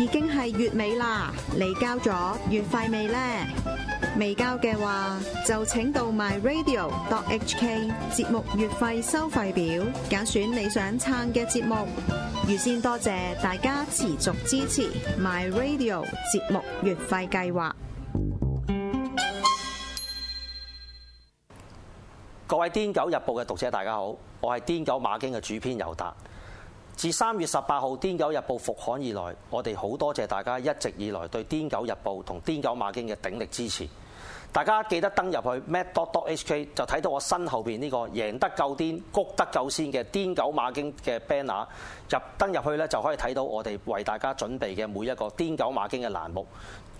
已經係月尾啦，你交咗月費未呢？未交嘅話，就請到 myradio.hk 節目月費收費表，揀選你想撐嘅節目。預先多謝大家持續支持 myradio 節目月費計劃。各位《癲狗日報》嘅讀者大家好，我係《癲狗馬經》嘅主編尤達。自三月十八號《癲狗日報》復刊以來，我哋好多謝大家一直以來對《癲狗日報》同《癲狗馬經》嘅鼎力支持。大家記得登入去 mad.hk 就睇到我身後邊呢個贏得夠癲、谷得夠先嘅《癲狗馬經》嘅 banner。登入去咧就可以睇到我哋為大家準備嘅每一個《癲狗馬經》嘅欄目。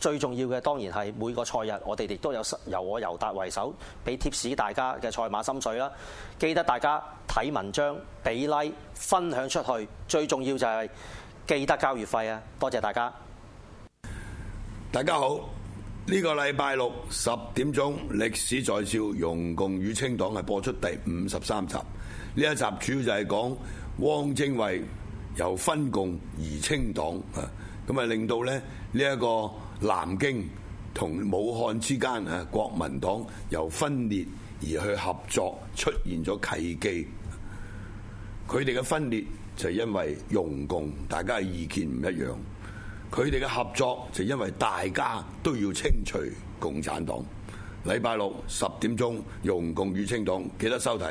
最重要嘅當然係每個賽日，我哋亦都有由我尤達為首俾貼士大家嘅賽馬心水啦。記得大家睇文章、俾、like、分享出去。最重要就係記得交月費啊！多謝大家。大家好，呢、這個禮拜六十點鐘，《歷史在笑：容共與清黨》係播出第五十三集。呢一集主要就係講汪精衛由分共而清黨啊，咁啊令到咧呢一個。南京同武漢之間啊，國民黨由分裂而去合作，出現咗契機。佢哋嘅分裂就因為容共，大家意見唔一樣；佢哋嘅合作就因為大家都要清除共產黨。禮拜六十點鐘，容共與清黨，記得收睇。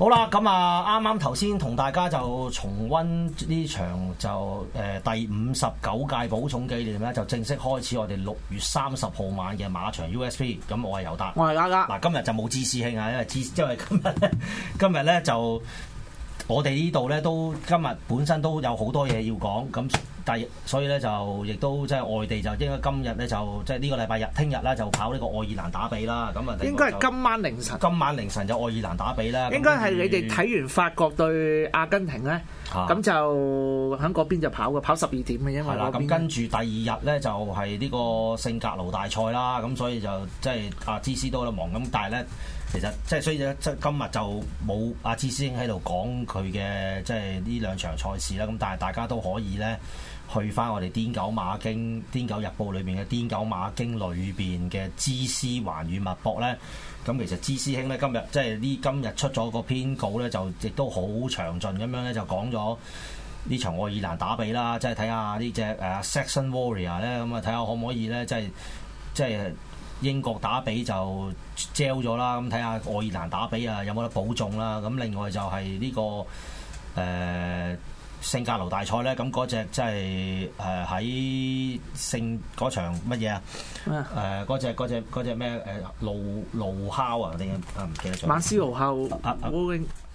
好啦，咁啊，啱啱頭先同大家就重温呢場就誒、呃、第五十九屆寶塚紀念咧，就正式開始我哋六月三十號晚嘅馬場 USB 咁我係尤達，我係 LakLak，嗱今日就冇芝士兄啊，因為芝因為今日咧，今日咧就我哋呢度咧都今日本身都有好多嘢要講，咁。但所以咧就亦都即係外地就應該今日咧就即係呢個禮拜日聽日啦，就跑呢個愛爾蘭打比啦。咁啊，應該係今晚凌晨。今晚凌晨就愛爾蘭打比啦。應該係你哋睇完法國對阿根廷咧，咁、啊、就喺嗰邊就跑嘅，跑十二點嘅，因為咁跟住第二日咧就係、是、呢個聖格魯大賽啦。咁所以就即係阿芝師都喺度忙咁，但係咧其實即係所以即係今日就冇阿芝師兄喺度講佢嘅即係呢兩場賽事啦。咁但係大家都可以咧。去翻我哋《癲狗馬經》《癲狗日報》裏邊嘅《癲狗馬經》裏邊嘅知師環宇脈搏咧，咁其實知師兄咧今日即係呢今日出咗個篇稿咧，就亦都好詳盡咁樣咧，就講咗呢場愛爾蘭打比啦，即係睇下呢隻誒 Saxon Warrior 咧，咁啊睇下可唔可以咧，即係即係英國打比就焦咗啦，咁睇下愛爾蘭打比啊有冇得保重啦，咁另外就係呢、呢個誒。呃聖格奴大賽咧，咁嗰隻即係誒喺聖嗰場乜嘢啊？誒嗰隻隻隻咩誒魯魯烤啊？定唔記得咗。馬斯魯烤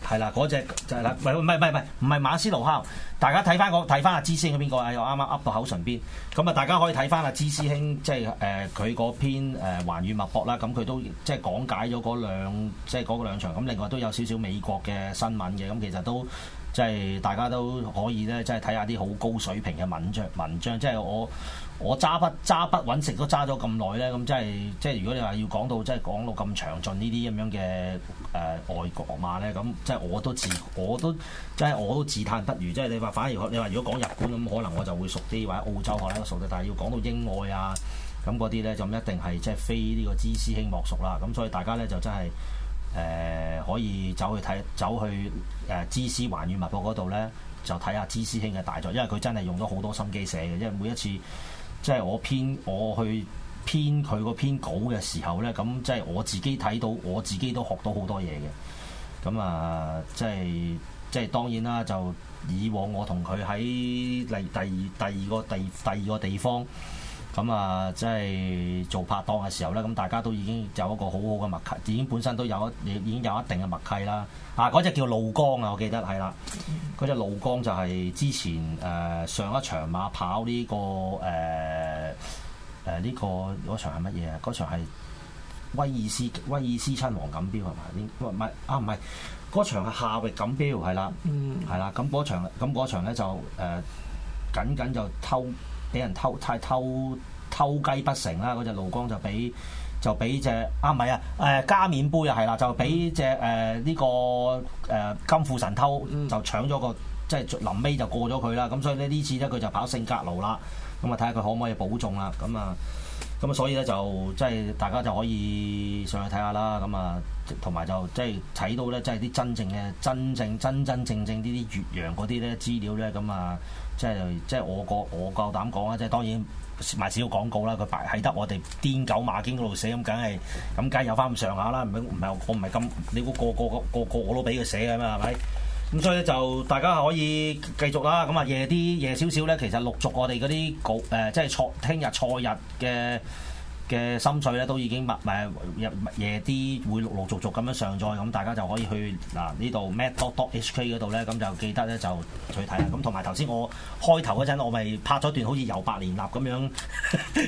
係啦，嗰隻就係啦，唔係唔係唔係唔係馬斯魯烤。大家睇翻個睇翻阿芝師兄邊個啊？我啱啱噏到口唇邊。咁啊，大家可以睇翻阿芝師兄即係誒佢嗰篇誒寰宇脈搏啦。咁佢都即係、即係、講解咗嗰兩即係嗰個兩場。咁另外都有少少少美國嘅新聞嘅。咁其實都。即係大家都可以咧，即係睇下啲好高水平嘅文章文章。即係我我揸筆揸筆揾食都揸咗咁耐咧，咁即係即係如果你話要講到即係講到咁詳盡呢啲咁樣嘅誒、呃、外國馬咧，咁即係我都自我都即係我都自嘆不如。即係你話反而你話如果講日本咁，可能我就會熟啲，或者澳洲可能熟啲。但係要講到英愛啊咁嗰啲咧，就唔一定係即係非呢個知師兄莫屬啦。咁所以大家咧就真係。誒、呃、可以走去睇，走去誒芝士環宇物博嗰度呢，就睇下芝士兄嘅大作，因為佢真係用咗好多心機寫嘅，因為每一次即係我編我去編佢個篇稿嘅時候呢，咁即係我自己睇到，我自己都學到好多嘢嘅。咁啊，即係即係當然啦，就以往我同佢喺第第第二個第二第二個地方。咁啊，即係、嗯就是、做拍檔嘅時候咧，咁大家都已經有一個好好嘅默契，已經本身都有一，已經有一定嘅默契啦。啊，嗰、那、隻、個、叫路江啊，我記得係啦。嗰隻、那個、路江就係之前誒、呃、上一場馬跑呢、這個誒誒呢個嗰場係乜嘢啊？嗰場係威爾斯威爾斯親王錦標係嘛？啲唔係啊，唔係嗰場係夏域錦標係啦，係啦。咁嗰、嗯那個、場咁嗰、那個、場咧就誒、呃，僅僅就偷。俾人偷太偷偷雞不成啦！嗰隻盧光就俾，就俾隻啊，唔係啊，誒、呃、加冕杯啊係啦，就俾隻誒呢個誒、呃、金富神偷、嗯、就搶咗個，即係臨尾就過咗佢啦。咁所以咧呢次咧佢就跑聖格路啦。咁啊睇下佢可唔可以保重啦？咁啊咁啊所以咧就即係大家就可以上去睇下啦。咁啊同埋就即係睇到咧，即係啲真正嘅、真正真真正正呢啲越洋嗰啲咧資料咧咁啊～即係即係我個我夠膽講啊！即係當然賣少少廣告啦。佢擺喺得我哋癲狗馬經嗰度寫咁，梗係咁梗係有翻咁上下啦。唔唔係我唔係咁你估個個個個,個我都俾佢寫嘅嘛係咪？咁所以就大家可以繼續啦。咁啊夜啲夜少少咧，其實陸續我哋嗰啲局誒即係錯聽日錯日嘅。嘅心水咧，都已經默埋入夜啲，會陸陸續續咁樣上載，咁大家就可以去嗱呢度 mad dot dot hk 嗰度咧，咁就記得咧就去睇啦。咁同埋頭先我開頭嗰陣，我咪拍咗段好似遊百年立咁樣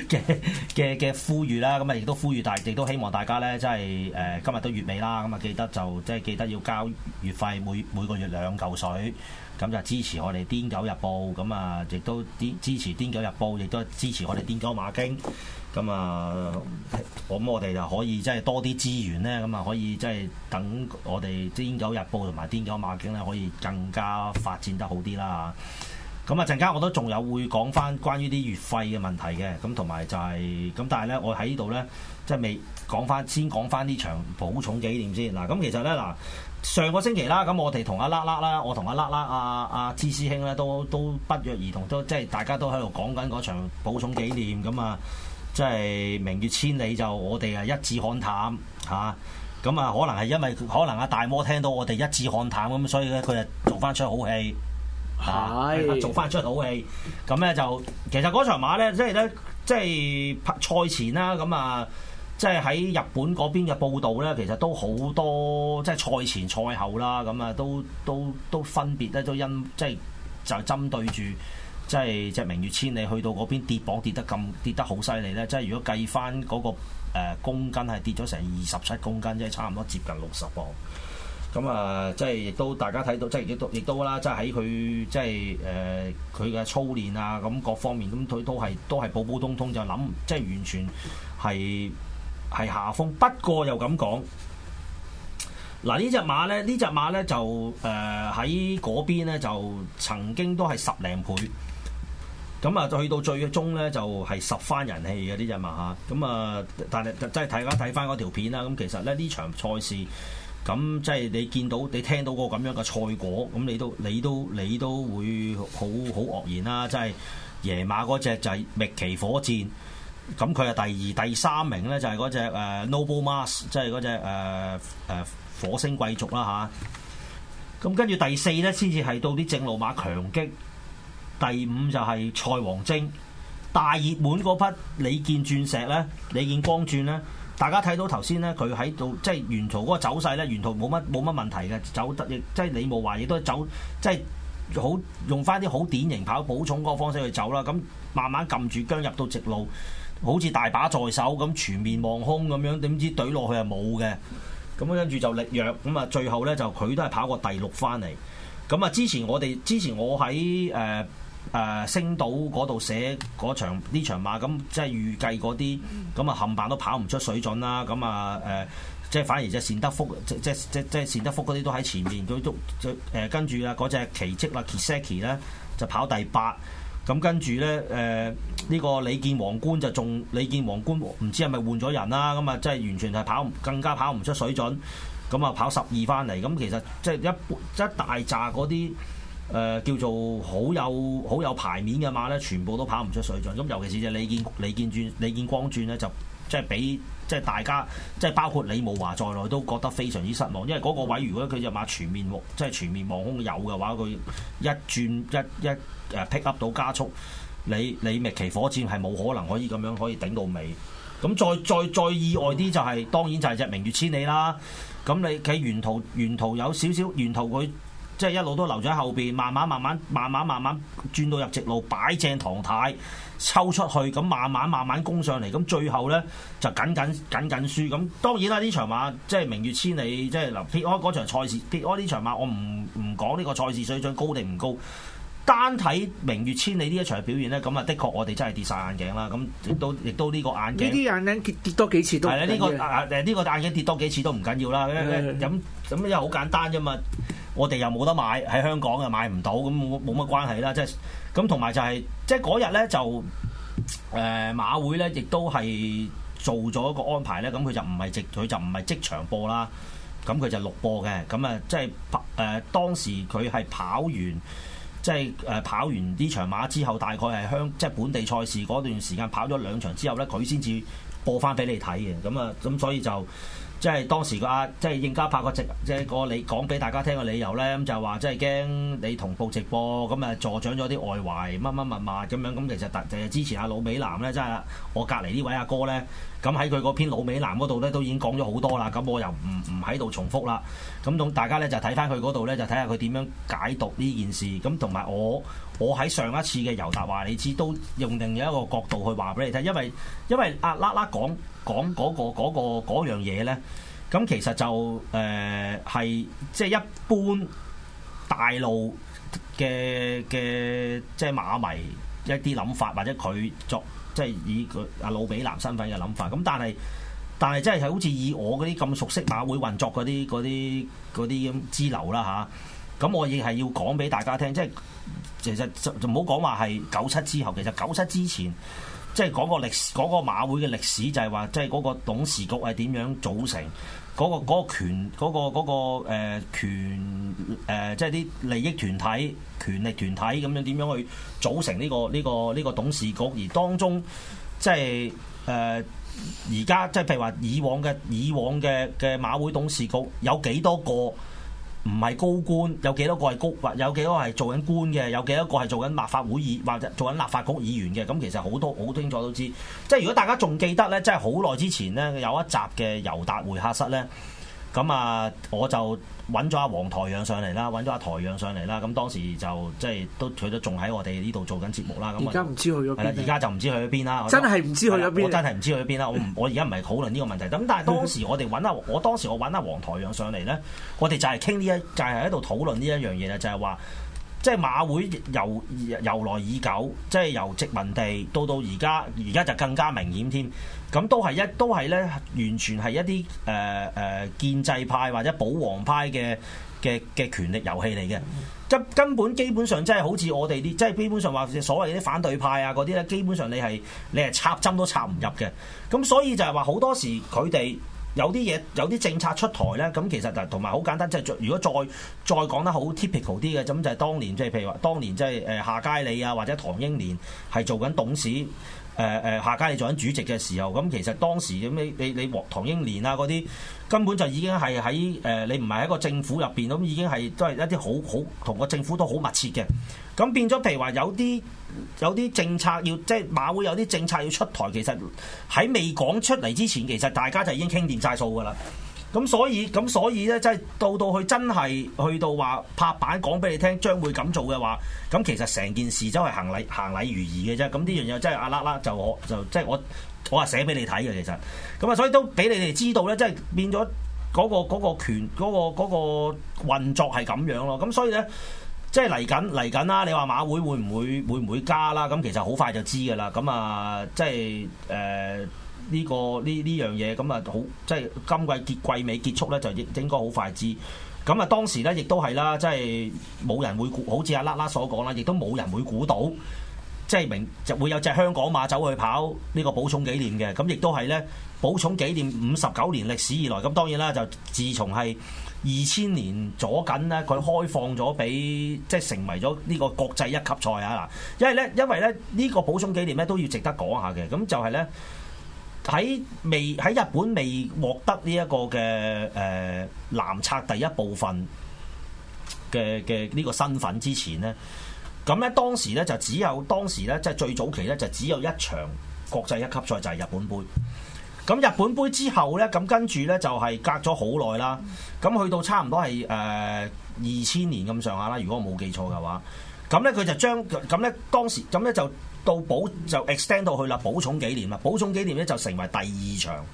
嘅嘅嘅呼籲啦。咁啊，亦都呼籲大，亦都希望大家咧，即係誒今日都月尾啦。咁啊，記得就即係記得要交月費，每每個月兩嚿水，咁就支持我哋《癲狗日報》。咁啊，亦都支持《癲狗日報》，亦都支持我哋《癲狗馬經》。咁啊，咁、嗯、我哋就可以即係多啲資源咧。咁啊，可以即係等我哋《癲狗日報》同埋《癲狗馬經》咧，可以更加發展得好啲啦。咁啊，陣間我都仲有會講翻關於啲月費嘅問題嘅。咁同埋就係、是、咁，但係咧，我喺呢度咧，即係未講翻，先講翻呢場寶塚紀念先嗱。咁、嗯、其實咧嗱，上個星期啦，咁我哋同阿 LakLak 啦，我同阿 LakLak 阿阿芝師兄咧，都都不約而同，都即係大家都喺度講緊嗰場寶塚紀念咁啊。嗯嗯嗯嗯嗯即係明月千里，就我哋啊一致看淡嚇，咁啊可能係因為可能阿大魔聽到我哋一致看淡咁，所以咧佢就做返出好戲，係的、啊、做返出好戲。咁、啊、咧就其實嗰場馬咧，即係咧即係賽前啦，咁啊即係喺日本嗰邊嘅報導咧，其實都好多即係賽前賽後啦，咁啊都都都分別咧都因即係就針對住。即係隻明月千里去到嗰邊跌磅跌，跌得咁跌得好犀利咧！即係如果計翻嗰個公斤係跌咗成二十七公斤，即係差唔多接近六十磅。咁啊，即係亦都大家睇到，即係亦都亦都啦！即係喺佢即係誒佢嘅操練啊，咁各方面咁佢都係都係普普通通，就諗即係完全係係下風。不過又咁講，嗱、啊、呢隻馬咧，呢隻馬咧就誒喺嗰邊咧就曾經都係十零倍。咁啊，去到最終呢，就係十番人氣嘅呢隻馬吓。咁啊，但係即係大家睇翻嗰條片啦。咁其實呢呢場賽事，咁即係你見到、你聽到個咁樣嘅賽果，咁你都、你都、你都會好好愕然啦。即係野馬嗰隻就係覓奇火箭，咁佢係第二、第三名呢，就係嗰隻誒 Noble Mars，即係嗰隻誒誒火星貴族啦吓，咁跟住第四呢，先至係到啲正路馬強擊。第五就係蔡王晶，大熱門嗰匹李健鑽石咧，李健光鑽咧，大家睇到頭先咧，佢喺度即係沿途嗰個走勢咧，沿途冇乜冇乜問題嘅，走得亦即係你冇話亦都走即係好用翻啲好典型跑補重嗰個方式去走啦。咁慢慢撳住韁入到直路，好似大把在手咁全面望空咁樣，點知懟落去係冇嘅。咁跟住就力弱，咁啊最後咧就佢都係跑過第六翻嚟。咁啊之前我哋之前我喺誒。呃誒、啊、星島嗰度寫嗰場呢場馬，咁即係預計嗰啲，咁啊冚唪都跑唔出水準啦。咁啊誒，即係反而即係善德福，即即即即係善德福嗰啲都喺前面，佢都誒跟住啊嗰隻奇蹟啦，Kiseki 咧就跑第八。咁跟住咧誒呢、呃呢個李健皇冠就仲李健皇冠，唔知係咪換咗人啦？咁啊，即係完全係跑更加跑唔出水準。咁啊跑十二返嚟，咁其實即係一一大扎嗰啲。誒、呃、叫做好有好有牌面嘅馬咧，全部都跑唔出水準。咁尤其是隻李健李健轉李健光轉咧，就即係比即係、就是、大家即係、就是、包括李慕華在內，都覺得非常之失望。因為嗰個位，如果佢隻馬全面即係、就是、全，全面望空有嘅話，佢一轉一一誒 pick up 到加速，你你覓奇火箭係冇可能可以咁樣可以頂到尾。咁再再再意外啲就係、是，當然就係隻明月千里啦。咁你喺沿途沿途有少少沿途佢。即係一路都留咗喺後邊，慢慢慢慢慢慢慢慢轉到入直路，擺正唐太，抽出去，咁慢慢慢慢攻上嚟，咁最後呢，就緊緊緊緊輸。咁當然啦，呢場馬即係明月千里，即係嗱，撇開嗰場賽事，撇開呢場馬我，我唔唔講呢個賽事水準高定唔高。單睇明月千里呢一場表現咧，咁啊，的確我哋真係跌晒眼鏡啦。咁都亦都呢個眼鏡，呢啲眼鏡跌多幾次都係啦。呢、呢個啊呢、呢個眼鏡跌多幾次都唔緊要啦。咁咁因為好簡單啫嘛。我哋又冇得買，喺香港又買唔到，咁冇冇乜關係啦。即係咁同埋就係即係嗰日咧就誒、是就是呃、馬會咧，亦都係做咗一個安排咧。咁佢就唔係直佢就唔係即場播啦。咁佢就錄播嘅。咁啊、就是，即係跑誒當時佢係跑完。即係誒跑完呢場馬之後，大概係香即係本地賽事嗰段時間跑咗兩場之後呢，佢先至播翻俾你睇嘅。咁啊，咁所以就。即係當時個阿即係應家拍個直，即係個你講俾大家聽嘅理由咧，咁就話即係驚你同步直播，咁啊助長咗啲外圍乜乜乜嘛咁樣，咁其實特誒之前阿老美男咧，即係我隔離呢位阿哥咧，咁喺佢嗰篇老美男嗰度咧，都已經講咗好多啦，咁我又唔唔喺度重複啦，咁咁大家咧就睇翻佢嗰度咧，就睇下佢點樣解讀呢件事，咁同埋我我喺上一次嘅尤達話，你知都用另一一個角度去話俾你聽，因為因為阿啦啦講。講嗰個嗰個嗰樣嘢咧，咁其實就誒係即係一般大陸嘅嘅即係馬迷一啲諗法，或者佢作即係以佢阿老比男身份嘅諗法。咁但係但係即係係好似以我嗰啲咁熟悉馬會運作嗰啲啲啲咁支流啦吓，咁我亦係要講俾大家聽，即係其實就就唔好講話係九七之後，其實九七之前。即係講個歷史，講個馬會嘅歷史就係話，即係嗰個董事局係點樣組成？嗰個嗰個權，嗰個嗰個呃權，呃即係啲利益團體、權力團體咁樣點樣去組成呢個呢個呢個董事局？而當中即係誒而家即係譬如話，以往嘅以往嘅嘅馬會董事局有幾多個？唔係高官，有幾多個係高或，有幾多個係做緊官嘅，有幾多個係做緊立法會議或者做緊立法局議員嘅，咁其實好多好清楚都知。即係如果大家仲記得呢，即係好耐之前呢，有一集嘅《尤達會客室》呢。咁啊、嗯，我就揾咗阿黃台養上嚟啦，揾咗阿台養上嚟啦。咁當時就即係都佢都仲喺我哋呢度做緊節目啦。咁而家唔知去咗。係而家就唔知，知去咗邊啦。真係唔知去咗邊。我真係唔知去咗邊啦。我我而家唔係討論呢個問題。咁但係當時我哋揾阿我當時我揾阿黃台養上嚟咧，我哋就係傾呢一就係喺度討論呢一樣嘢就係話，即係馬會由由來已久，即係由殖民地到到而家，而家就更加明顯添。咁都係一都係咧，完全係一啲誒誒建制派或者保皇派嘅嘅嘅權力遊戲嚟嘅，一、嗯、根本基本上即係好似我哋啲，即係基本上話所謂啲反對派啊嗰啲咧，基本上你係你係插針都插唔入嘅。咁所以就係話好多時佢哋有啲嘢有啲政策出台咧，咁其實同埋好簡單，即係如果再再講得好 typical 啲嘅，咁就係當年即係譬如話，當年即係誒夏佳理啊或者唐英年係做緊董事。誒誒，夏佳理做緊主席嘅時候，咁其實當時咁你你你黃唐英年啊嗰啲根本就已經係喺誒，你唔係喺一個政府入邊，咁已經係都係一啲好好同個政府都好密切嘅。咁變咗，譬如話有啲有啲政策要即係馬會有啲政策要出台，其實喺未講出嚟之前，其實大家就已經傾掂晒數㗎啦。咁所以咁所以咧，即係到到佢真係去到話拍板講俾你聽，將會咁做嘅話，咁其實成件事都係行禮行禮如儀嘅啫。咁呢樣嘢真係阿啦啦就，就，就，就，就我就即係我我話寫俾你睇嘅其實，咁啊所以都俾你哋知道咧，即係變咗嗰個嗰個權嗰個嗰個運作係咁樣咯。咁所以咧，即係嚟緊嚟緊啦。你話馬會會唔會會唔會加啦？咁其實好快就知噶啦。咁啊，即係誒。呃呢個呢呢樣嘢咁啊，好即係今季結季尾結束咧，就應應該好快知咁啊。當時咧，亦都係啦，即係冇人會估，好似阿 LakLak 所講啦，亦都冇人會估到，即係明就會有隻香港馬走去跑呢個寶塚紀念嘅。咁亦都係咧，寶塚紀念五十九年歷史以來，咁當然啦，就自從係二千年左緊咧，佢開放咗俾即係成為咗呢個國際一級賽啊嗱，因為咧，因為咧呢個寶塚紀念咧都要值得講下嘅，咁就係咧。喺未喺日本未獲得呢一個嘅誒藍冊第一部分嘅嘅呢個身份之前呢，咁呢，當時呢，就只有當時呢，即係最早期呢，就只有一場國際一級賽，就係日本杯。咁日本杯之後呢，咁跟住呢，就係隔咗好耐啦。咁去到差唔多係誒二千年咁上下啦，如果我冇記錯嘅話。咁呢，佢就將咁呢，當時咁呢，就。到保就 extend 到去啦，寶塚紀念啦，寶塚紀念咧就成為第二場，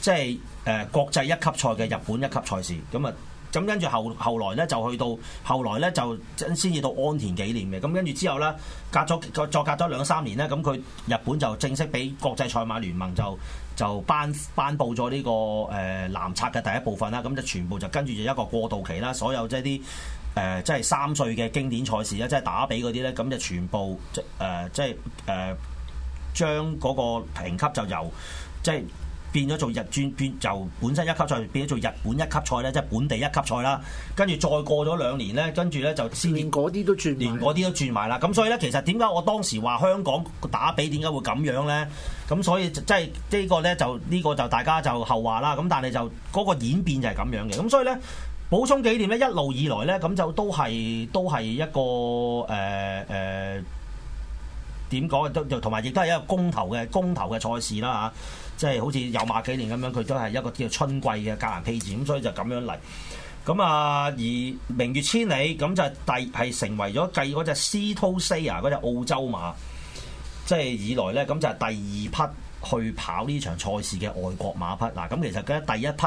即係誒、呃、國際一級賽嘅日本一級賽事。咁啊，咁跟住後後來咧就去到後來咧就先至到安田紀念嘅。咁跟住之後咧，隔咗再隔咗兩三年咧，咁佢日本就正式俾國際賽馬聯盟就就頒頒布咗呢、這個誒、呃、藍冊嘅第一部分啦。咁就全部就跟住就一個過渡期啦，所有即係啲。誒、呃，即係三歲嘅經典賽事咧，即係打比嗰啲咧，咁就全部、呃、即係即係誒，將嗰個評級就由即係變咗做日轉、變，由本身一級賽變咗做日本一級賽咧，即係本地一級賽啦。跟住再過咗兩年咧，跟住咧就先連嗰啲都轉，連嗰啲都轉埋啦。咁所以咧，其實點解我當時話香港打比點解會咁樣咧？咁所以即係呢個咧，就呢、呢個就大家就後話啦。咁但係就嗰、嗰個演變就係咁樣嘅。咁所以咧。寶塚紀念咧，一路以來咧，咁就都係都係一個誒誒，點、呃、講？都同埋亦都係一個公投嘅公投嘅賽事啦，吓、啊，即、就、係、是、好似有馬紀念咁樣，佢都係一個叫春季嘅格蘭披治，咁所以就咁樣嚟。咁啊，而明月千里咁就第係成為咗繼嗰隻 C Two C 啊嗰隻澳洲馬，即係以來咧，咁就係第二匹去跑呢場賽事嘅外國馬匹。嗱、啊，咁其實第一匹。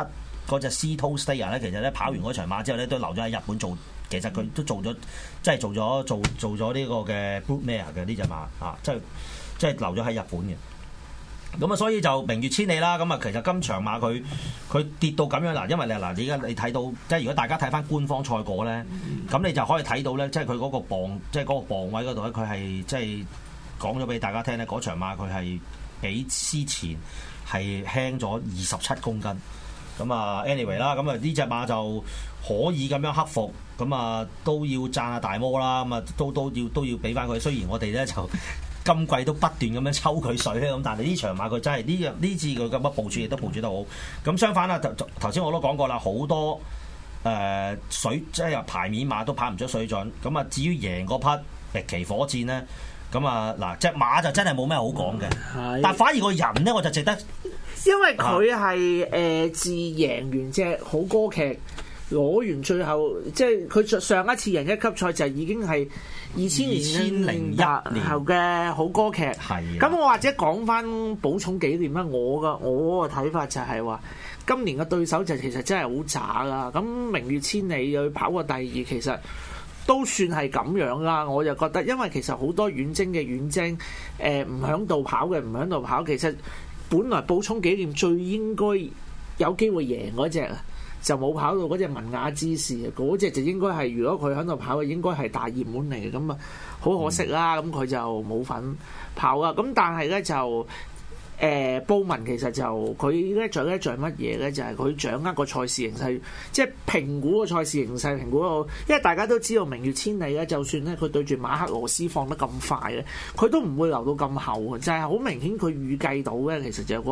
嗰隻 C Two Steer 咧，St air, 其實咧跑完嗰場馬之後咧，都留咗喺日本做。其實佢都做咗，即係做咗做做咗呢個嘅 Broodmare 嘅呢隻馬啊，即係即係留咗喺日本嘅。咁啊，所以就明月千里啦。咁啊，其實今場馬佢佢跌到咁樣嗱，因為你嗱，你而家你睇到即係如果大家睇翻官方賽果咧，咁你就可以睇到咧，即係佢嗰個磅即係嗰個磅位嗰度咧，佢係即係講咗俾大家聽咧。嗰場馬佢係比之前係輕咗二十七公斤。咁啊，anyway 啦，咁啊呢隻馬就可以咁樣克服，咁啊都要讚下大魔啦，咁啊都都，都要都要俾翻佢。雖然我哋咧就今季都不斷咁樣抽佢水咧，咁但係呢場馬佢真係呢樣呢次，佢咁乜部署，亦都部署得好。咁相反啊，頭頭先我都講過啦，好多誒、呃、水即係排面馬都跑唔出水準。咁啊至於贏嗰匹覓奇火箭咧，咁啊嗱隻馬就真係冇咩好講嘅，是但反而個人咧我就值得。因為佢係、誒、自贏完隻好歌劇，攞完最後，即係佢上一次贏一級賽就已經係二千年二千零一年後嘅好歌劇。係咁、啊，我或者講翻寶塚紀念啦。我嘅我嘅睇法就係、是、話，今年嘅對手就其實真係好渣啦。咁明月千里去跑過第二，其實都算係咁樣啦。我就覺得，因為其實好多遠征嘅遠征，誒，唔響度跑嘅唔響度跑，其實。本來補充紀念最應該有機會贏嗰隻就冇跑到，嗰隻文雅之士，嗰隻就應該係，如果佢喺度跑，應該係大熱門嚟嘅，咁啊好可惜啦，咁佢、嗯、就冇份跑啊，咁但係呢，就。誒、呃、布文其實就佢咧掌握乜嘢咧？就係、是、佢掌握個賽事形勢，即係評估個賽事形勢，評估個，因為大家都知道明月千里咧，就算咧佢對住馬克羅斯放得咁快咧，佢都唔會留到咁後喎，就係、是、好明顯佢預計到咧，其實就有個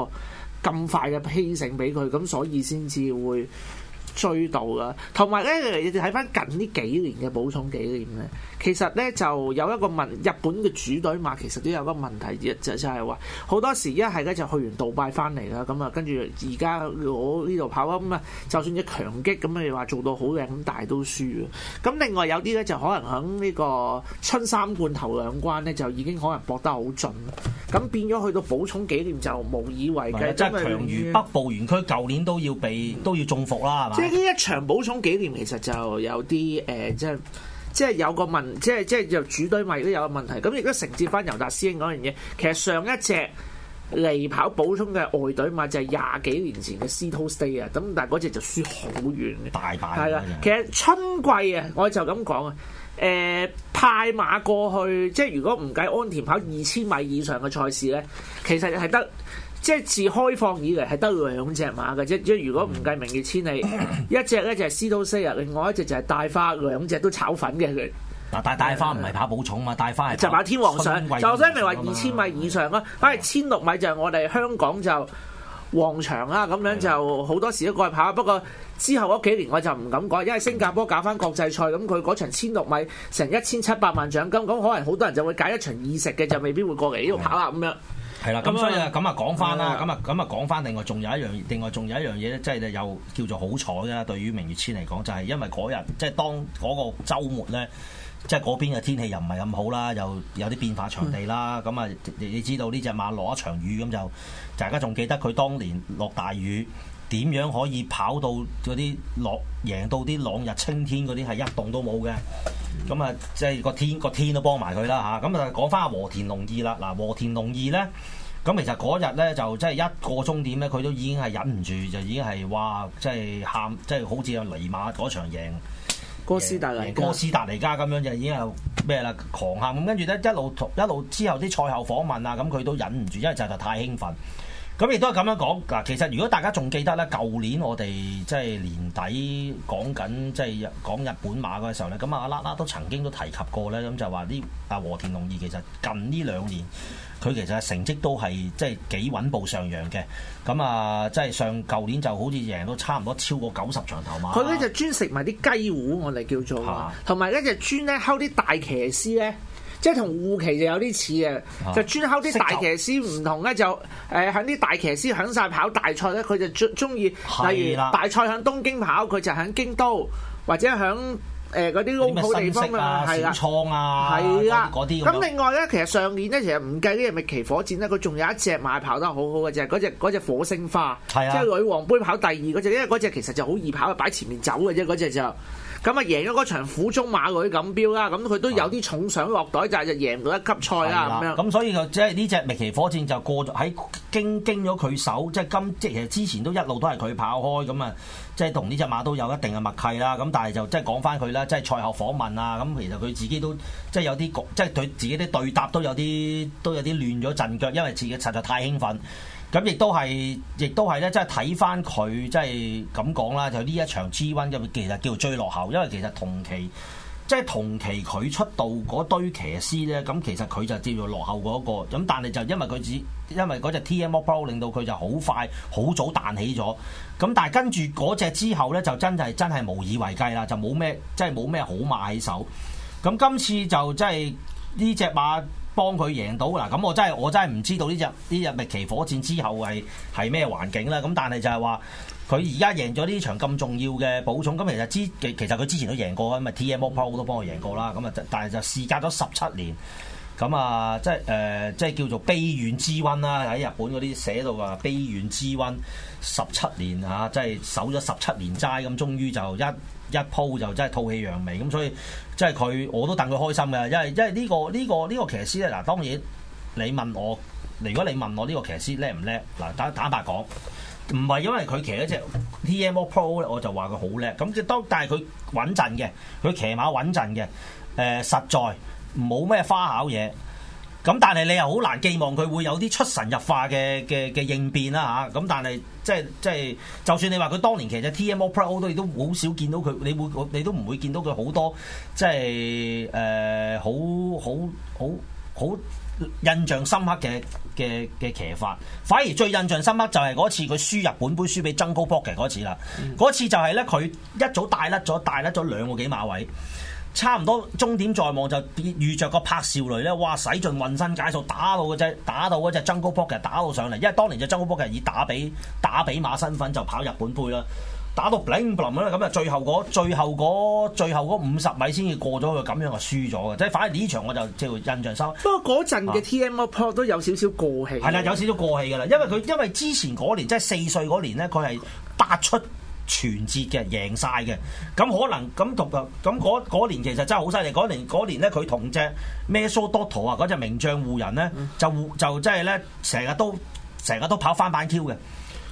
咁快嘅犧牲俾佢，咁所以先至會。追到噶，同埋咧，你睇翻近呢幾年嘅寶塚紀念咧，其實咧就有一個問，日本嘅主隊馬其實都有一個問題，就是、就係話好多時一係咧就去完杜拜翻嚟啦，咁啊跟住而家攞呢度跑啊，咁啊就算一強擊咁你話做到好嘅咁，大都輸啊。咁另外有啲咧就可能響呢個春三冠頭兩關咧，就已經可能搏得好盡，咁變咗去到寶塚紀念就無以為繼。即係是強如北部玄駒，舊年都要被都要中伏啦，係嘛？呢一場寶塚紀念其實就有啲誒、呃，即係即係有個問，即係即係就主隊馬都有個問題。咁亦都承接翻尤達師兄講嘅嘢。其實上一隻離跑寶塚嘅外隊馬就係廿幾年前嘅 C to Stay 啊。咁但係嗰隻就輸好遠嘅，大敗係啦。其實春季啊，我就咁講啊。誒、呃、派馬過去，即係如果唔計安田跑二千米以上嘅賽事咧，其實係得。即係自開放以嚟，係得兩隻馬嘅啫。即如果唔計明月千里，一隻咧就係 C 到 C 啊，另外一隻就係大花，兩隻都炒粉嘅。但大花、嗯、大花唔係跑寶塚啊嘛，大花係就跑天皇賞，天皇賞咪話二千米以上咯，反而千六米就我哋香港就旺場啦。咁樣就好多時都過去跑。不過之後嗰幾年我就唔敢講，因為新加坡搞翻國際賽，咁佢嗰場千六米成一千七百萬獎金，咁可能好多人就會揀一場易食嘅，就未必會過嚟呢度跑啦咁樣。嗯係啦，咁所以啊，咁啊講翻啦，咁啊咁啊講翻，的另外仲有一樣，另外仲有一樣嘢咧，即係又叫做好彩啦。對於明月千里嚟講，就係因為嗰日即係當嗰個週末咧，即係嗰邊嘅天氣又唔係咁好啦，又有啲變化場地啦。咁啊的，你知道呢隻馬落一場雨，咁就大家仲記得佢當年落大雨。點樣可以跑到嗰啲落贏到啲朗日青天嗰啲係一棟都冇嘅？咁啊、嗯，即係個天個天都幫埋佢啦嚇。咁啊，講翻阿和田龍二啦，嗱、啊、和田龍二咧，咁其實嗰日咧就即係一過終點咧，佢都已經係忍唔住，就已經係哇，即係喊，即係好似有尼馬嗰場贏哥，贏，贏哥斯達黎哥斯達黎加咁樣，就已經係咩啦狂喊咁，跟住咧一路，一路，一，路一路之後啲賽後訪問啊，咁佢都忍唔住，因為實在太興奮。咁亦都係咁樣講嗱，其實如果大家仲記得咧，舊年我哋即係年底講緊即係講日本馬嗰陣時候咧，咁啊阿 LakLak 都曾經都提及過咧，咁就話啲阿和田龍二其實近呢兩年佢其實成績都係即係幾穩步上揚嘅，咁啊即係上舊年就好似贏到差唔多超過九十場頭馬。佢咧就專食埋啲雞糊，我哋叫做，同埋咧就專咧溝啲大騎師咧。即係同護旗就有啲似啊，就專考啲大騎師。唔同咧就誒，喺、呃、啲大騎師響晒跑大賽咧，佢就中中意。的例如大賽響東京跑，佢就響京都或者響誒嗰啲好好地方啊，的小倉啊，嗰啲。咁另外咧，其實上年咧，其實唔計呢，係覓奇火箭咧，佢仲有一隻馬跑得好好嘅，就係嗰隻隻火星花。係啊的，即係女王杯跑第二嗰隻，因為嗰隻其實就好易跑嘅，擺前面走嘅啫，嗰隻就。咁啊，贏咗嗰場府中馬女錦標啦，咁佢都有啲重賞落袋，但係就贏唔到一級賽啦，咁所以就即係呢隻覓奇火箭就過咗喺經經咗佢手，即係今即係其實之前都一路都係佢跑開咁啊，即係同呢隻馬都有一定嘅默契啦。咁但係就即係講翻佢啦，即係賽後訪問啊，咁其實佢自己都即係有啲局，即係對自己啲對答都有啲都有啲亂咗陣腳，因為自己實在太興奮。咁亦都係，亦都係咧，即係睇翻佢，即係咁講啦。就呢一場 G1 咁，其實叫做最落後，因為其實同期，即係同期佢出道嗰堆騎師咧，咁其實佢就叫做落後嗰、那個。咁但係就因為佢隻，因為隻 T M Opera O 令到佢就好快、好早彈起咗。咁但係跟住嗰隻之後咧，就真係真係無以為繼啦，就冇咩，即係冇咩好馬喺手。咁今次就真係呢隻馬。幫佢贏到嗱，咁我真係我真係唔知道呢隻呢隻覓奇火箭之後係係咩環境啦。咁但係就係話佢而家贏咗呢場咁重要嘅寶塚。咁其實之其實佢之前都贏過嘅，咪 T M O p、AL、都幫佢贏過啦。咁啊，但係就事隔咗十七年，咁啊即係誒、呃、即係叫做悲願之温啦。喺日本嗰啲寫到話悲願之温十七年嚇、啊，即係守咗十七年齋，咁終於就一。一鋪就真係吐氣揚眉咁，所以即係佢我都戥佢開心嘅，因為因為呢個呢個呢個騎師咧，嗱當然你問我，如果你問我呢個騎師叻唔叻，嗱坦坦白講，唔係因為佢騎一隻 T M O Pro 咧，我就話佢好叻，咁即係當但係佢穩陣嘅，佢騎馬穩陣嘅，誒實在冇咩花巧嘢。咁但係你又好難寄望佢會有啲出神入化嘅嘅嘅應變啦嚇，咁、啊、但係即係即係，就算你話佢當年其實 TM Opera O 都亦都好少見到佢，你會你都唔會見到佢好多即係誒好好好好印象深刻嘅嘅嘅騎法，反而最印象深刻就係嗰次佢輸日本杯輸俾 Jungle Pocket 嘅嗰次啦，嗰、嗯、次就係咧佢一早大甩咗大甩咗兩個幾馬位。差唔多終點在望就遇着個柏少雷咧，哇！使盡渾身解數打到嗰隻，打到嗰隻曾高波嘅，打到，打到上嚟。因為當年就曾高波嘅以打比打比馬身份就跑日本杯啦，打到 bling 咁 Bl 啦、um，咁啊最後嗰最後嗰最後嗰五十米先至過咗佢，咁樣啊輸咗嘅，即係反而呢場我就即係印象深。不過嗰陣嘅 T M O Pro、啊、都有少少過氣。係啦，有少少過氣噶啦，因為佢因為之前嗰年即係四歲嗰年咧，佢係八出。全節嘅贏晒嘅，咁可能咁同咁嗰年其實真係好犀利，嗰年嗰年咧佢同隻咩 Sodoto 啊嗰隻名將湖人咧就，就就真係咧成日都成日都跑翻包 Q 嘅。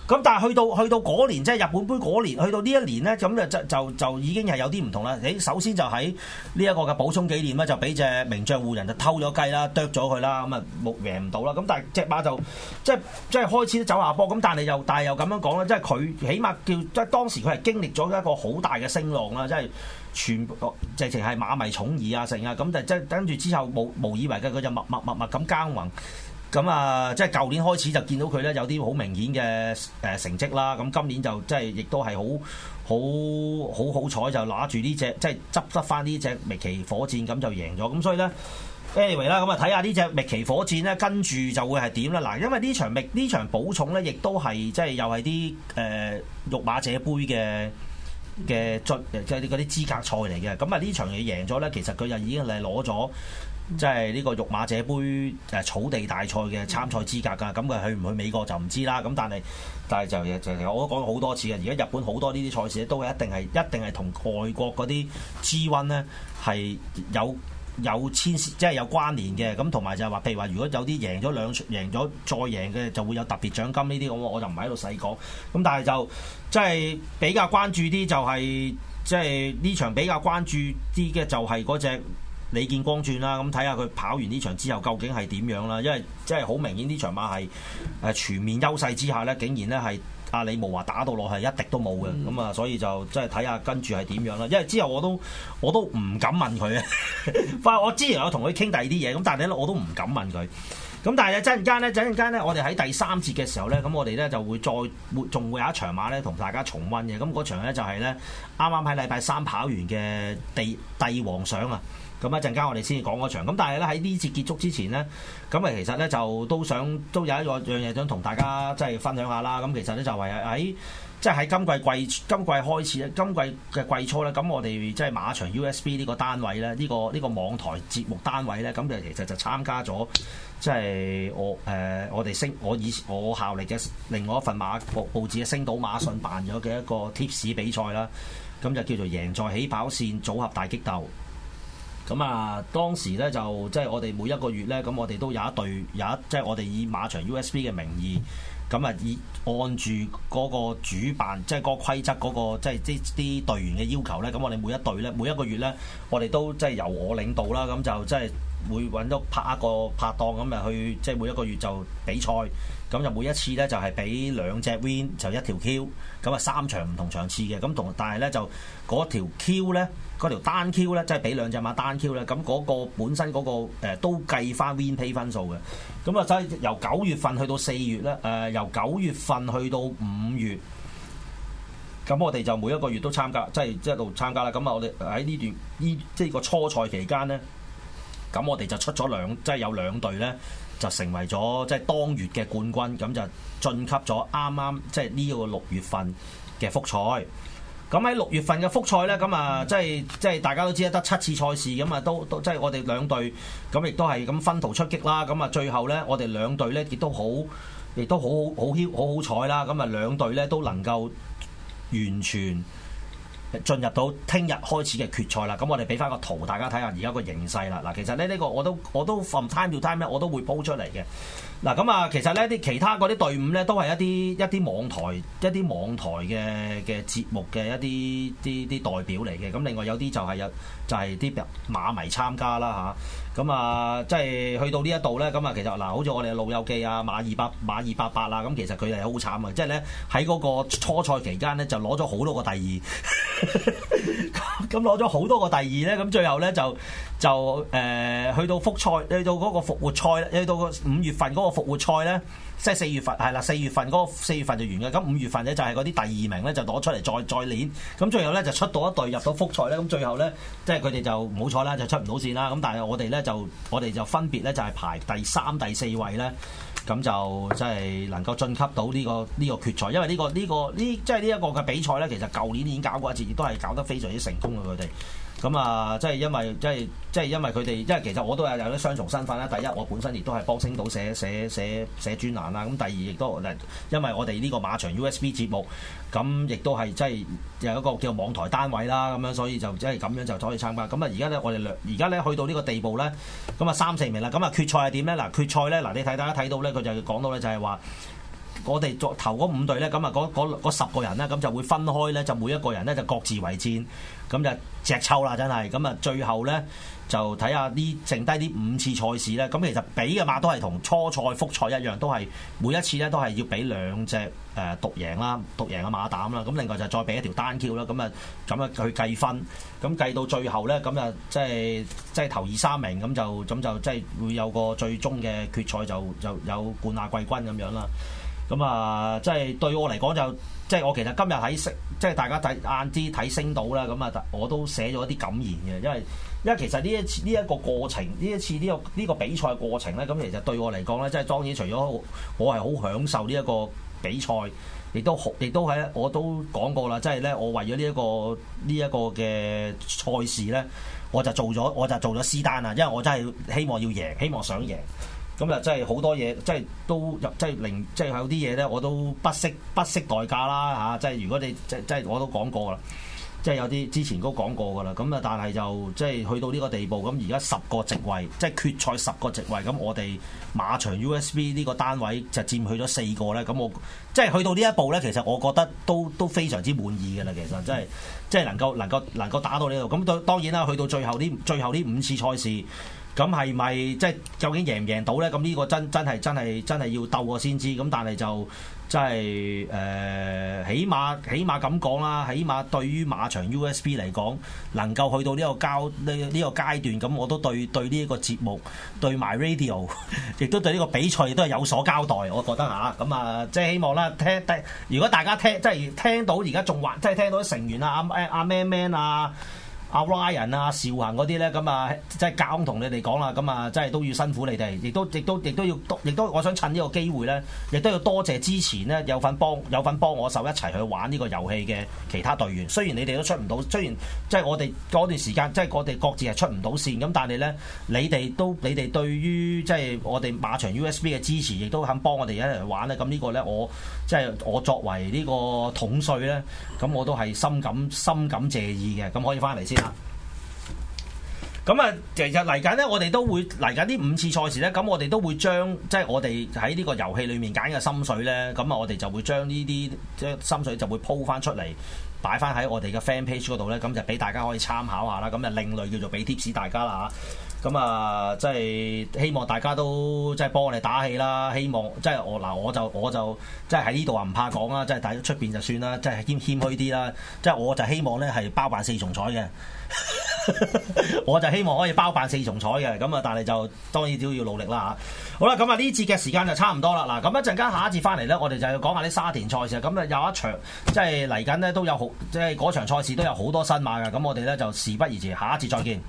咁但係去到去到嗰年，即係日本杯嗰年，去到呢一年咧，咁就就就已經係有啲唔同啦。誒，首先就喺呢一個嘅寶塚紀念啦，就俾隻名將護人偷就偷咗雞啦，啄咗佢啦，咁啊冇贏唔到啦。咁但係隻馬就即係即係開始走下坡。咁但係又但係又咁樣講啦，即係佢起碼叫即係當時佢係經歷咗一個好大嘅聲浪啦，即係全部直情係馬迷寵兒啊，成啊咁就即係跟住之後無無以為繼，佢就默默默默咁耕耘。咁啊，即係舊年開始就見到佢咧，有啲好明顯嘅誒成績啦。咁今年就即係亦都係好好好好彩，就攞住呢隻即係執得返呢隻覓奇火箭，咁就贏咗。咁所以呢 anyway 啦，咁啊睇下呢隻覓奇火箭呢，跟住就會係點咧？嗱，因為呢場呢場寶塚呢，亦都係即係又係啲誒育馬者杯嘅嘅即係啲嗰啲資格賽嚟嘅。咁啊呢場嘢贏咗呢，其實佢就已經係攞咗。即係呢個育馬者杯誒草地大賽嘅參賽資格㗎，咁佢去唔去美國就唔知啦。咁但係但係就亦就我都講咗好多次嘅，而家日本好多呢啲賽事都係一定係一定係同外國嗰啲 G1 咧係有有牽涉，即係有關聯嘅。咁同埋就係話，譬如話如果有啲贏咗兩贏咗再贏嘅，就會有特別獎金呢啲咁，我就唔係喺度細講。咁但係就即係比較關注啲就係、是、即係呢場比較關注啲嘅就係嗰隻。李建光轉啦，咁睇下佢跑完呢場之後究竟係點樣啦？因為即係好明顯，呢場馬係誒全面優勢之下咧，竟然咧係阿李慕華打到落係一滴都冇嘅。咁啊，所以就即係睇下跟住係點樣啦。因為之後我都我都唔敢問佢啊。翻 我之前有同佢傾第二啲嘢，咁但係咧我都唔敢問佢。咁但係咧，一陣間咧，一陣間咧，我哋喺第三節嘅時候呢，咁我哋呢就會再仲會有一場馬呢，同大家重溫嘅。咁嗰場呢，就係呢啱啱喺禮拜三跑完嘅帝帝王賞啊。咁一陣間，我哋先講嗰場。咁但係咧，喺呢次結束之前呢，咁啊其實呢，就都想都有一個樣嘢想同大家即係分享下啦。咁其實呢，就係喺即係喺今季季今季開始咧，今季嘅季初呢，咁我哋即係馬場 USB 呢個單位咧，呢、呢個呢、呢個網台節目單位呢，咁就其實就參加咗即係我誒、呃、我哋升我以我效力嘅另外一份馬報報紙嘅星島馬訊辦咗嘅一個貼士比賽啦。咁就叫做贏在起跑線組合大激鬥。咁啊，當時咧就即係我哋每一個月咧，咁我哋都有一隊有一，即係我哋以馬場 USB 嘅名義，咁啊以按住嗰個主辦，即係嗰個規則嗰個，即係啲啲隊員嘅要求咧，咁我哋每一隊咧，每一個月咧，我哋都即係由我領導啦，咁就即係。會揾到拍一個拍檔咁誒去，即係每一個月就比賽，咁就每一次咧就係俾兩隻 win 就一條 Q，咁啊三場唔同場次嘅，咁同但係咧就嗰條 Q 咧，嗰條單 Q 咧，即係俾兩隻馬單 Q 咧，咁嗰個本身嗰、嗰個、呃、都計翻 win pay 分數嘅，咁啊所以由九月份去到四月咧，誒、呃、由九月份去到五月，咁我哋就每一個月都參加，即係即係度參加啦。咁啊，我哋喺呢段呢，即係個初賽期間咧。咁我哋就出咗兩，即係有兩隊呢，就成為咗即係當月嘅冠軍，咁就晉級咗啱啱即係呢個六月份嘅復賽。咁喺六月份嘅復賽呢，咁啊即係即係大家都知得七次賽事，咁啊都都即係我哋兩隊，咁亦都係咁分途出擊啦。咁啊最後呢，我哋兩隊呢，亦都好，亦都好好好好好彩啦。咁啊兩隊呢，都能夠完全。進入到聽日開始嘅決賽啦，咁我哋俾翻個圖大家睇下而家個形勢啦。嗱，其實咧呢個我都我都 from time to time 咧，我都會煲出嚟嘅。嗱咁啊，其實咧啲其他嗰啲隊伍咧，都係一啲一啲網台一啲網台嘅嘅節目嘅一啲啲啲代表嚟嘅。咁另外有啲就係有就係啲馬迷參加啦吓，咁啊，即係去到呢一度咧，咁啊其實嗱，好似我哋嘅老友記啊，馬二八馬二八八啊，咁其實佢哋好慘啊，即係咧喺嗰個初賽期間咧就攞咗好多個第二。 咁攞咗好多個第二咧，咁最後咧就就誒去到復賽，去到嗰個復活賽，去到個五月份嗰個復活賽咧，即係四月份係啦，四月份嗰個四月份就完嘅，咁五月份咧就係嗰啲第二名咧就攞出嚟再再練，咁最後咧就出到一隊入到復賽咧，咁最後咧即係佢哋就唔好彩啦，就出唔到線啦，咁但係我哋咧就我哋就分別咧就係排第三、第四位咧。咁就真係能夠晉級到呢個呢個決賽，因為呢個呢個呢即係呢一個嘅比賽呢，其實舊年已經搞過一次，亦都係搞得非常之成功嘅佢哋。咁啊、嗯，即係因為，即係即係因為佢哋，因為其實我都係有啲雙重身份啦。第一，我本身亦都係幫星島寫寫寫寫，寫專欄啦。咁第二，亦都因為我哋呢個馬場 USB 節目，咁亦都係即係有一個叫網台單位啦。咁樣，所以就即係咁樣就可以參加。咁啊，而家咧，我哋而家咧去到呢個地步咧，咁啊三四名啦。咁啊，決賽係點咧？嗱，決賽咧，嗱，你睇大家睇到咧，佢就講到咧，就係話。我哋作投嗰五隊呢，咁啊，嗰十個人呢，咁就會分開呢，就每一個人呢，就各自為戰，咁就隻抽啦，真係咁啊。最後呢，就睇下呢剩低呢五次賽事呢。咁其實比嘅馬都係同初賽、復賽一樣，都係每一次呢，都係要畀兩隻誒呃獨贏啦、獨贏嘅馬膽啦。咁另外就再畀一條單 Q 啦。咁啊咁啊去計分，咁計到最後呢，咁啊即係即係頭二三名咁就咁就即係會有個最終嘅決賽就就有冠亞季軍咁樣啦。咁啊，即係、嗯，就是、對我嚟講就，即係我其實今日喺，即、就、係、是、大家睇晏知睇升到啦。咁啊，我都寫咗一啲感言嘅，因為因為其實呢一次呢一、這個過程，呢一次呢、這個呢、這個比賽過程咧，咁其實對我嚟講咧，即、就、係、是、當然除咗我係好享受呢一個比賽，亦都亦都係，我都講過啦，即係咧，我為咗呢一個呢一、這個嘅賽事咧，我就做咗我就做咗私丹啊，因為我真係希望要贏，希望想贏。咁啊，真係好多嘢，即係都即係零，即係有啲嘢咧，我都不惜不惜代價啦嚇。即係如果你即即係我都講過啦，即係有啲之前都講過噶啦。咁啊，但係就即係去到呢個地步，咁而家十個席位，即係決賽十個席位，咁我哋馬場 USB 呢個單位就佔去咗四個咧。咁我即係去到呢一步咧，其實我覺得都都非常之滿意嘅啦。其實真係，即係能夠能夠能夠打到呢度。咁當然啦，去到最後呢最後呢五次賽事。咁係咪即係究竟贏唔贏到咧？咁呢個真真係真係真係要鬥過先知。咁但係就真係誒，起碼起碼咁講啦，起碼對於馬場 USB 嚟講，能夠去到呢個交呢呢、呢個階段，咁我都對對呢一個節目， 對埋 radio，亦都對呢個比賽都係有所交代。我覺得吓，咁啊，即係希望啦，聽，聽如果大家聽即係聽到而家仲話，即係聽到啲成員啊，阿阿 Man Man 啊。啊啊啊啊啊啊阿 Ryan 啊，阿兆恒嗰啲咧，咁啊，即係隔空同你哋講啦，咁啊，即係都要辛苦你哋，亦都亦都亦都要，亦都我想趁呢個機會咧，亦都要多謝之前咧有份幫有份幫我手一齊去玩呢個遊戲嘅其他隊員，雖然你哋都出唔到，雖然即係我哋嗰段時間即係我哋各自係出唔到線，咁但係咧，你哋都你哋對於即係我哋馬場 USB 嘅支持，亦都肯幫我哋一齊玩咧，咁呢個咧，我即係我作為呢個統帥咧，咁我都係深感深感謝意嘅。咁可以翻嚟先。咁啊，其實嚟緊呢，我哋都會嚟緊呢五次賽事呢。咁我哋都會將即係我哋喺呢個遊戲裏面揀嘅心水呢。咁啊，我哋就會將呢啲心水就會鋪翻出嚟，擺翻喺我哋嘅 fan page 度呢。咁就俾大家可以參考下啦，咁就另類叫做俾 tips 大家啦嚇。咁啊，即係、就是、希望大家都即係幫我哋打氣啦。希望即係、就是、我嗱，我就我就即係喺呢度啊，唔怕講啦。即係喺出邊就算啦，即係謙謙虛啲啦。即、就、係、是、我就希望咧係包辦四重彩嘅， 我就希望可以包辦四重彩嘅。咁啊，但係就當然都要努力啦吓。好啦，咁啊呢次嘅時間就差唔多啦。嗱，咁一陣間下一節翻嚟咧，我哋就要講下啲沙田賽事。咁啊有一場，即係嚟緊咧都有好，即係嗰場賽事都有好多新馬嘅。咁我哋咧就事不宜遲，下一節再見。